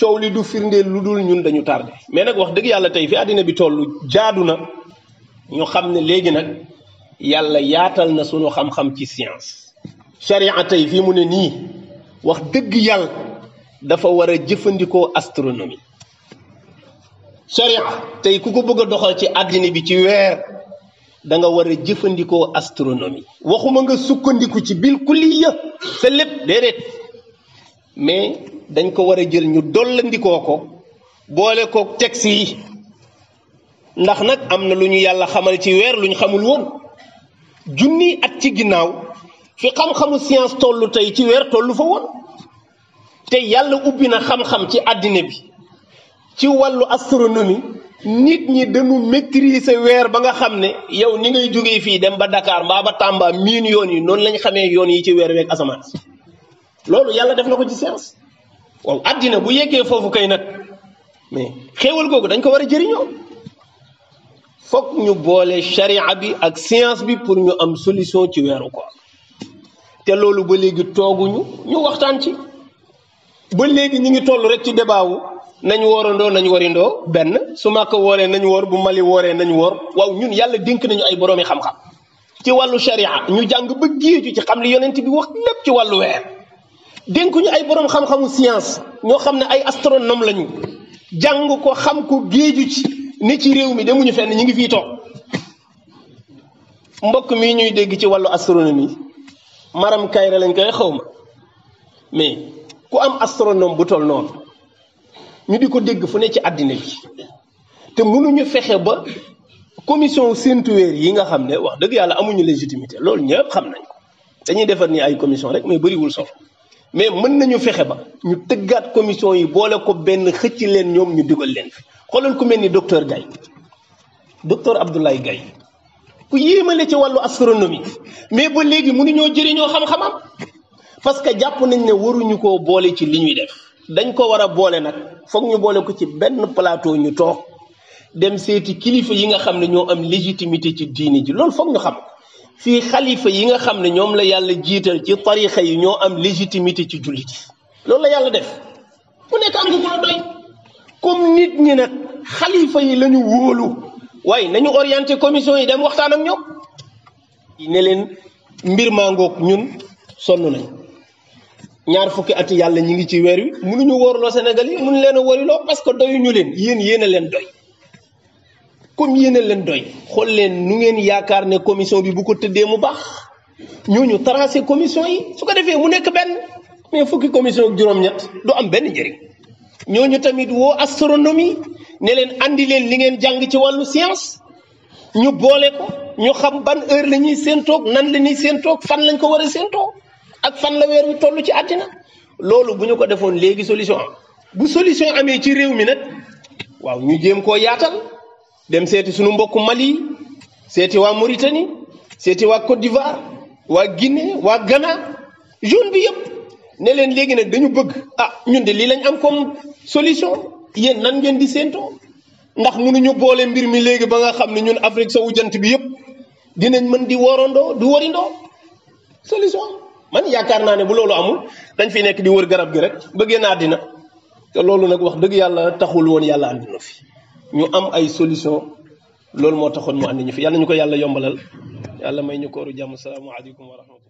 coow li du firnde lu dul ñun dañu tardé mais nag wax dëgg yàlla tey fi àddina bi tollu jaadu na ñu xam ne léegi nag yàlla yaatal na suñu xam-xam ci science. charia tey fii mu ne nii wax dëgg yàlla dafa war a jëfandikoo astronomie charia tey ku ko bëgg a doxal ci àddina bi ci weer danga war a jëfandikoo astronomie. waxuma nga sukkandiku ci bil kulliya sa lépp déedéet mais. dañ ko war a jël ñu dollandikoo ko boole ko texte yi ndax nag am na lu ñu yàlla xamal ci weer lu ñu xamul woon junni at ci ginnaaw fi xam-xamu science tollu tey ci weer tollu fa woon te yàlla ubbi na xam-xam ci àddina bi ci wàllu astronomie nit ñi dañu maîtriser weer ba nga xam yow ni ngay fii dem ba Dakar mbaa ba Tamba miin yoon yi noonu lañ xamee yoon yi ci weer weeg asamaan loolu yàlla def na ci science waaw àddina bu yeggee foofu kay nag mais xéewal googu dañ ko war a jëriñoo foog ñu boole sharia bi ak science bi pour ñu am solution ci weeru ko te loolu ba léegi tooguñu ñu waxtaan ci ba léegi ñu ngi toll rek ci débat wu nañ woorandoo nañ warindoo benn su Makka wooree nañ woor bu Mali wooree nañ woor waaw ñun yàlla dénk nañu ay boroomi xam-xam ci wàllu sharia ñu jàng ba géeju ci xam li yonent bi wax lépp ci wàllu weer dénkuñu ay borom xam-xamu science ñoo xam ne ay astronome lañu jàng ko xam ko géeju ci ne ci réew mi demuñu fenn ñu ngi fii toog mbokk mii ñuy dégg ci wàllu astronomie maram kayre lañ koy xaw ma mais ku am astronome bu toll noonu ñu di ko dégg fu ne ci àddina bi te mënuñu fexe ba commission séntu weer yi nga xam ne wax dëgg yàlla amuñu légitimité loolu ñëpp xam nañ ko dañuy defar ni ay commission rek mais bariwul solo mais mën nañu fexe ba ñu tëggaat commission yi boole ko benn xëcc leen ñoom ñu dugal leen fi xoolal ku mel ni docteur Gaye docteur Abdoulaye Gaye ku yéemale ci wàllu astronomie mais ba léegi mu ngi mënuñoo jëriñoo xam-xamam parce que jàpp nañ ne waruñu ko boole ci li ñuy def dañ ko war a boole nag foog ñu boole ko ci benn plateau ñu toog dem seeti kilifa yi nga xam ne ñoo am légitimité ci diini ji loolu foog ñu xam ko fii xalifa yi nga xam ne ñoom la yàlla jiital ci tarixa yi ñoo am légitimité ci jullit loolu la yàlla def ku nekk am nga ku la doy comme nit ñi nag xalifa yi lañu wóolu waaye nañu orienté commission yi dem waxtaan ak ñoom ne leen mbir maa ñun sonn nañ ñaar fukki at yàlla ñi ngi ci weer wi ñu wóorloo Sénégal yi mënu leen a wóoriloo parce que doyuñu leen yéen yéen leen doy comme yéen leen doy xool leen nu ngeen yaakaar ne commission bi bu ko tëddee mu baax ñooñu tracé commission yi su ko defee mu nekk benn mais fukki commission ak juróom-ñett du am benn njëriñ ñooñu tamit woo astronomie ne leen andi leen li ngeen jàng ci wàllu science ñu boole ñu xam ban heure la ñuy séentoog nan la ñuy séentoog fan lañ ko war a séentoo ak fan la weer wi toll ci àddina loolu bu ñu ko defoon léegi solution am bu solution amee ci réew mi nag waaw ñu jéem koo yaatal. dem seeti suñu mbokku Mali seeti waa Mauritanie seeti waa Côte d'Ivoire waa Guinée waa Ghana jeune bi yëpp ne leen léegi nag dañu bëgg ah ñun de lii lañ am comme solution yéen nan ngeen di séentoo ndax mënuñu boole mbir mi léegi ba nga xam ne ñun Afrique sowu jant bi yëpp dinañ mën di worandoo du warindoo solution man yaakaar naa ne bu loolu amul dañ fi nekk di wër garab gi rek bëggee naa dina te loolu nag wax dëgg yàlla taxul woon yàlla àndina fi ñu am ay solution loolu moo taxoon mu na ñu fi yàlla ñu ko yàlla yombalal yàlla may ñu kooru jàmm salaamaaleykum wa rahmatullah